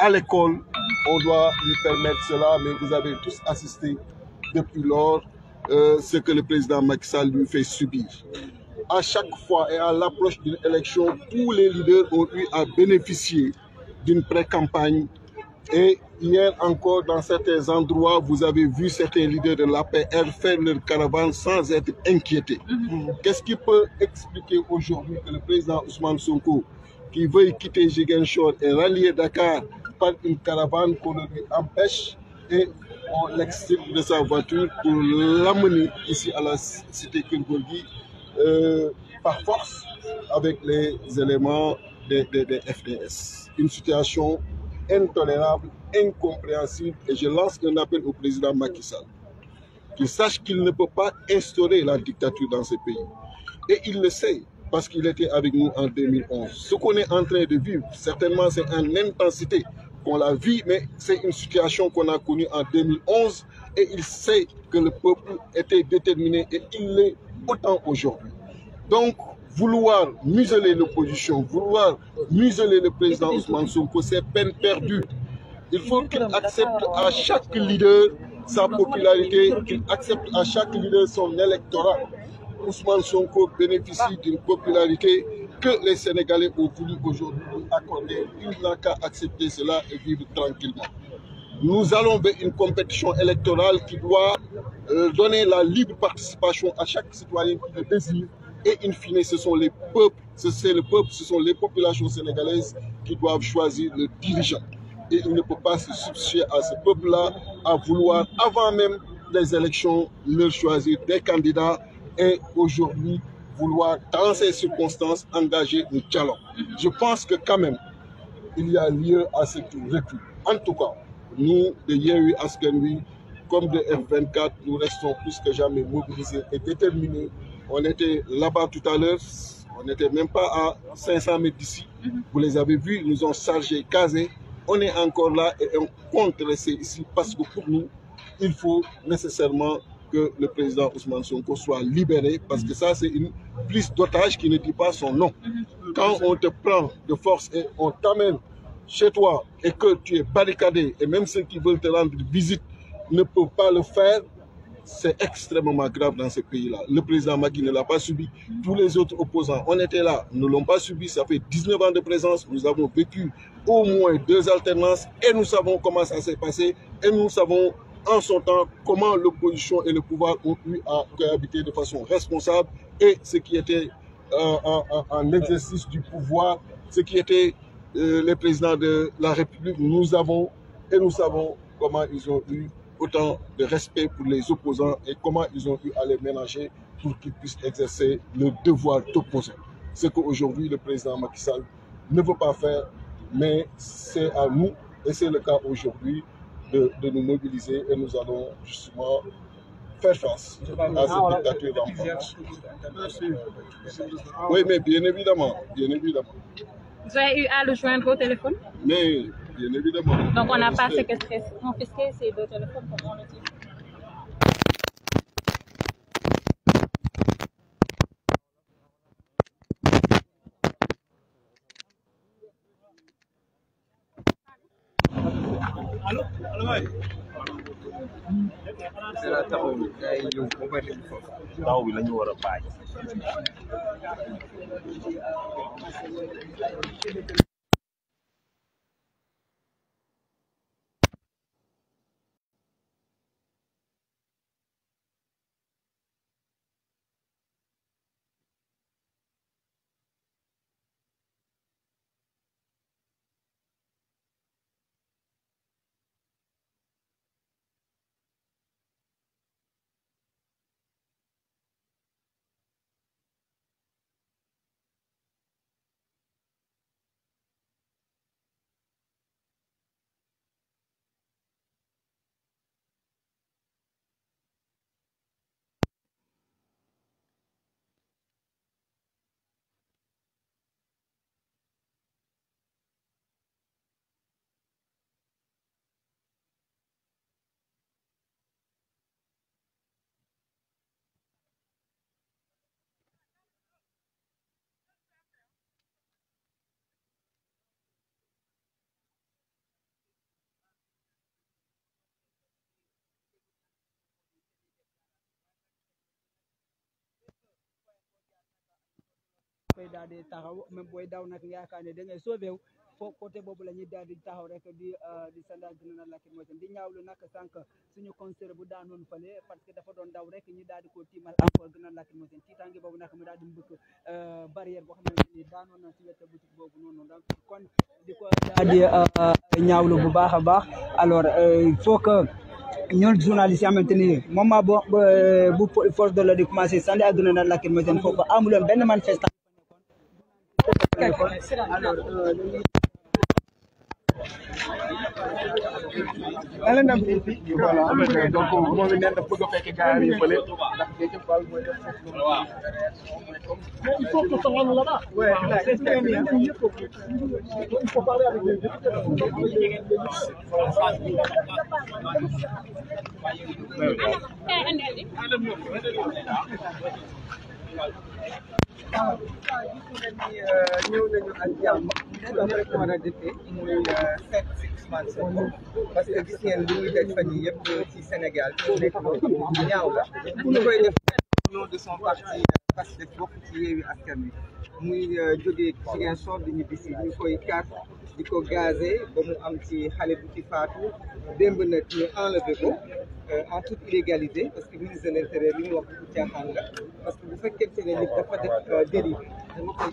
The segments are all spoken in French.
à l'école, on doit lui permettre cela, mais vous avez tous assisté depuis lors euh, ce que le président Macky Sall lui fait subir. À chaque fois et à l'approche d'une élection, tous les leaders ont eu à bénéficier d'une pré-campagne. Et hier encore, dans certains endroits, vous avez vu certains leaders de l'APR faire leur caravane sans être inquiétés. Qu'est-ce qui peut expliquer aujourd'hui que le président Ousmane Sonko, qui veut quitter Jigenshore et rallier Dakar par une caravane qu'on lui empêche et on l'extirpe de sa voiture pour l'amener ici à la cité Kilgourgi euh, par force avec les éléments des, FDS. Une situation intolérable, incompréhensible et je lance un appel au président Macky Sall qu'il sache qu'il ne peut pas instaurer la dictature dans ce pays. Et il le sait parce qu'il était avec nous en 2011. Ce qu'on est en train de vivre, certainement c'est en intensité qu'on la vit, mais c'est une situation qu'on a connue en 2011 et il sait que le peuple était déterminé et il l'est autant aujourd'hui. Donc, vouloir museler l'opposition, vouloir museler le président Ousmane Sonko, c'est peine perdue. Il faut qu'il accepte à chaque leader sa popularité, qu'il accepte à chaque leader son électorat. Ousmane Sonko bénéficie d'une popularité que les Sénégalais ont voulu aujourd'hui accorder, il n'a qu'à accepter cela et vivre tranquillement. Nous allons vers une compétition électorale qui doit euh, donner la libre participation à chaque citoyen qui le désire. Et in fine, ce sont les peuples, ce sont les populations sénégalaises qui doivent choisir le dirigeant. Et il ne peut pas se substituer à ce peuple-là à vouloir, avant même les élections, leur choisir des candidats. Et aujourd'hui, vouloir, dans ces circonstances, engager une dialogue. Je pense que quand même, il y a lieu à ce recul. En tout cas, nous, de Yéhui Askenui, comme de F24, nous restons plus que jamais mobilisés et déterminés. On était là-bas tout à l'heure, on n'était même pas à 500 mètres d'ici. Vous les avez vus, nous ont chargés, casés. On est encore là et on compte rester ici parce que pour nous, il faut nécessairement que le président Ousmane Sonko soit libéré, parce que ça, c'est une prise d'otage qui ne dit pas son nom. Quand on te prend de force et on t'amène chez toi et que tu es barricadé, et même ceux qui veulent te rendre visite ne peuvent pas le faire, c'est extrêmement grave dans ce pays-là. Le président Magui ne l'a pas subi. Tous les autres opposants, on était là, ne l'ont pas subi. Ça fait 19 ans de présence. Nous avons vécu au moins deux alternances et nous savons comment ça s'est passé et nous savons en son temps comment l'opposition et le pouvoir ont eu à cohabiter de façon responsable et ce qui était un euh, en, exercice du pouvoir, ce qui était euh, le président de la République. Nous avons et nous savons comment ils ont eu autant de respect pour les opposants et comment ils ont eu à les ménager pour qu'ils puissent exercer le devoir d'opposer. Ce qu'aujourd'hui le président Macky Sall ne veut pas faire, mais c'est à nous, et c'est le cas aujourd'hui, de, nous mobiliser et nous allons justement faire face à cette ah, dictature Merci. Ah, oui, mais bien évidemment, bien évidemment. Vous avez eu à le joindre au téléphone Mais bien évidemment. Donc on n'a euh, pas séquestré, confisqué ces deux téléphones, comme on le dit. taw bi la ñu war a bàyyi dafay daal di taxaw même booy daw nag nga yaakaar ne da ngay sauvé wu foo côté boobu la ñuy daal di taxaw rek di euh, di sandaal dina na lakki mooy di ñaawlu nag sànq suñu concert bu daanoon fële parce que dafa doon daw rek ñu daal ko tiimal encore gën a lakki mooy tiitaange boobu nag mu daal di mbëkk euh, barrière boo ni daanoon si wetu boutique boobu noonu donc kon di ko daal di euh, bu baax a baax alors il faut que ñun journaliste yi ni moment bo bu de l'ordre di commencé téléphone. Alors, na leen am fii voilà donc moom it neen daf bëgg a fekk gars yi fële ndax Déthié Fall mooy def foofu waaw il faut que ça rentre là-bas ouais c'est très bien il faut parler avec les gens waaw waaw gis nga ni ñëw nañu ak jàmm loolu rek mën a defee muy seet si Ousmane Sonko parce que gis ngeen li muy daj fan yi yëpp ci Sénégal fi nekk lu ñaaw la ñu koy def nom de son parti parce que bokk ci Yewwi Askan Wi muy jógee Ziguinchor di ñibbi si ñu koy kaas di ko gazé ba mu am ci xalé bu ci faatu démb nag ñu enlever ko euh, en toute illégalité parce que ministre de l'intérieur li mu wax bu caaxaan la parce que bu fekkente ne nit dafa def euh, délit dama koy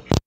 japp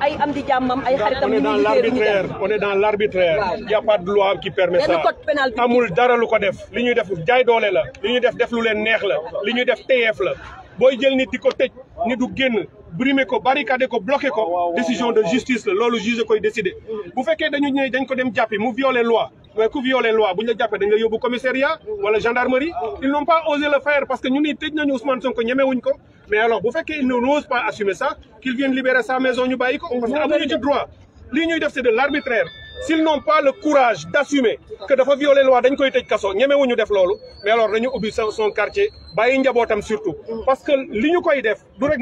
ay am di jàmmam ay xaritam. ñu ngi liggéey on est dans l' arbitraire on dans l' arbitraire. y' a pas de loi qui permet ça code amul dara lu ko def. li ñuy def jaay doole la. li ñuy def def lu leen neex la. li ñuy def teyeef la. booy jël nit di ko tëj ni du génn. brimer ko barricader ko bloquer ko décision de justice la loolu juge koy décider mm-hmm. bu que dañu ñëw dañ ko dem jappé mu violer loi mais ku violer loi les la jappé dañ la yóbbu commissariat mm-hmm. wala gendarmerie mm-hmm. ils n'ont pas osé le faire parce que ñu ni tej nañu Ousmane Sonko wuñ ko mais alors bu qu'ils il osent pas assumer ça qu'ils viennent libérer sa maison ñu bayiko ko parce amuñu ci droit li ñuy def c'est de l'arbitraire s'ils n'ont pas le courage d'assumer que dafa violer loi dañ koy tëj kaso ñemewuñu def loolu mais alors dañu ubbi son quartier bàyyi njabootam surtout parce que li ñu koy def du rek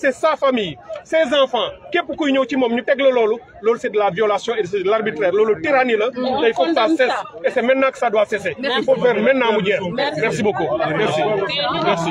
c'est sa famille ses enfants qui ce pour ci fait c'est de la violation et c'est de l'arbitraire de tyrannie la tyrannie. Mm. il faut que ça cesse et c'est maintenant que ça doit cesser il faut faire maintenant merci beaucoup merci merci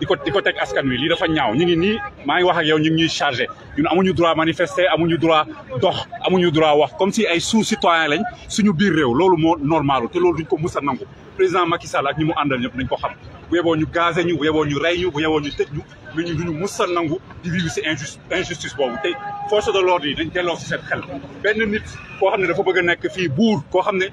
di ko di ko teg askan wi lii dafa ñaaw ñu ngi nii maa ngi wax ak yow ñu ngi ñuy chargé ñun amuñu droit manifester amuñu droit dox amuñu droit wax comme si ay sous citoyen lañ suñu biir réew loolu moo normalu te loolu duñ ko mus nangu président Macky Sall ak ñi mu àndal ñëpp nañ ko xam bu yeboo ñu gazé ñu bu yeboo ñu rey ñu bu yeboo ñu tëj ñu mais ñu duñu mus nangu di vivre si injustice injustice boobu te force de l' ordre yi dañ delloo si seen xel benn nit koo xam ne dafa bëgg a nekk fii buur koo xam ne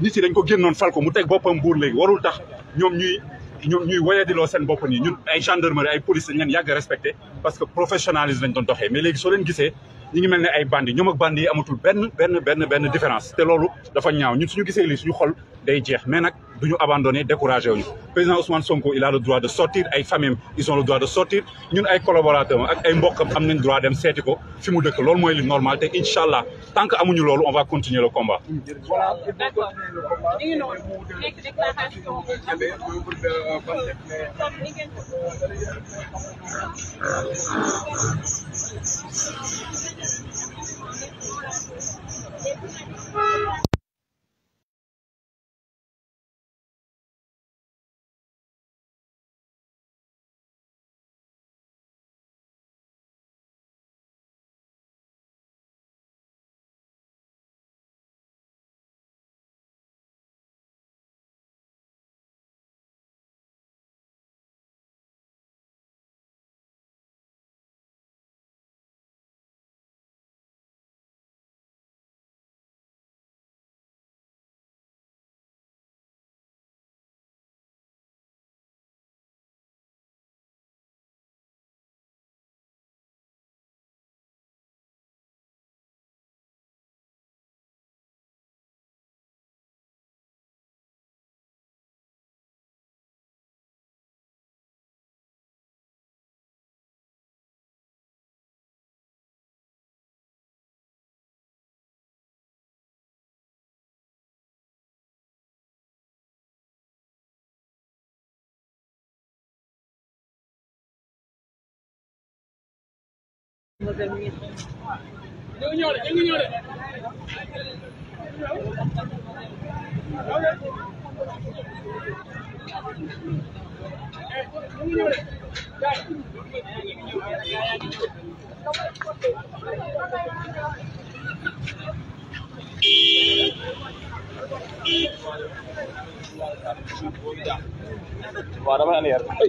nit yi dañ ko génnoon fal ko mu teg boppam buur léegi warul tax ñoom ñuy ñoom ñuy wayadiloo seen bopp nii ñun ay gendarmerie ay police lañ leen yàgg a respecté parce que professionnalisme lañ doon doxee mais léegi soo gisee ñi ngi ay bandi ñoom ak bandi yi benn benn benn benn différence te loolu dafa ñaaw ñun suñu gisee lii suñu xol day jeex mais nag nous abandonner, abandonné découragé Le président Ousmane Sonko il a le droit de sortir ay famille ils ont le droit de sortir Nous, les collaborateurs ak ay nous avons le droit de sortir. si nous que dëkk est li normal Inch'Allah, tant que amuñu nous on va continuer le combat. ഞങ്ങൾ ഞങ്ങൾ വരവാണ് ഏർപ്പാട്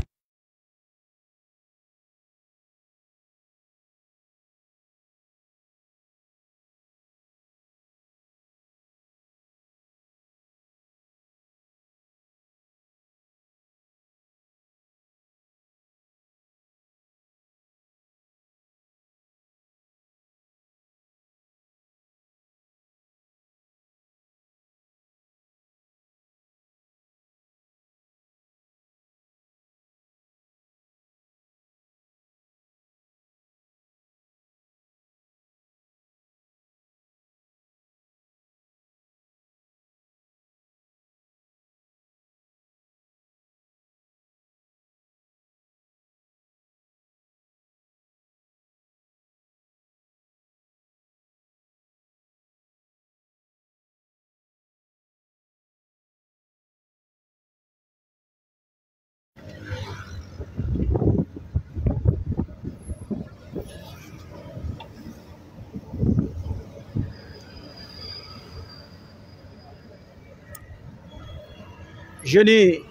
je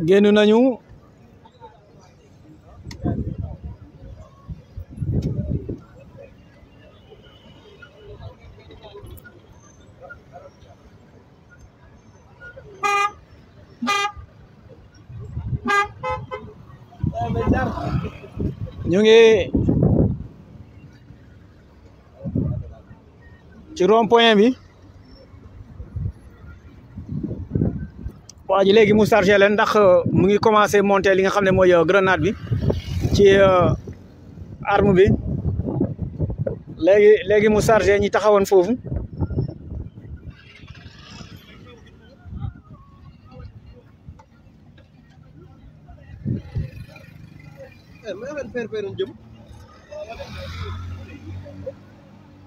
génn nañu ci rond point bi waa ji léegi mu chargé leen ndax euh, mu ngi commencé monter li nga xam ne mooy euh, grenade bi ci euh, arme bi léegi léegi mu chargé ñi taxawoon foofu eh,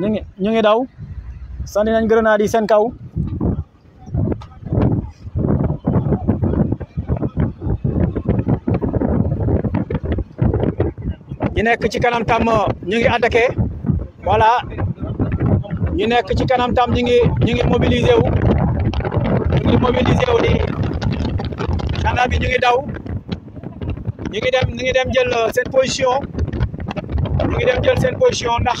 ñu ngi ñu ngi daw sànni nañ grenade yi seen kaw ñu nekk ci kanam tam ñu ngi attaqué voilà ñu nekk ci kanam tam ñu ngi ñu ñu ngi mobilisé di gendarme bi ñu ngi daw ngi dem ñu ngi dem jël euh, seen position ñu ngi dem jël seen position ndax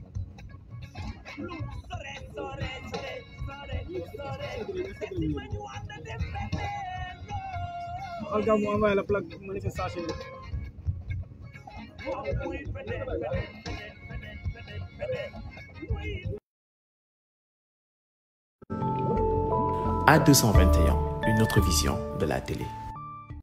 Olga mu envoyé la plaque manifestation A221, une autre vision de la télé.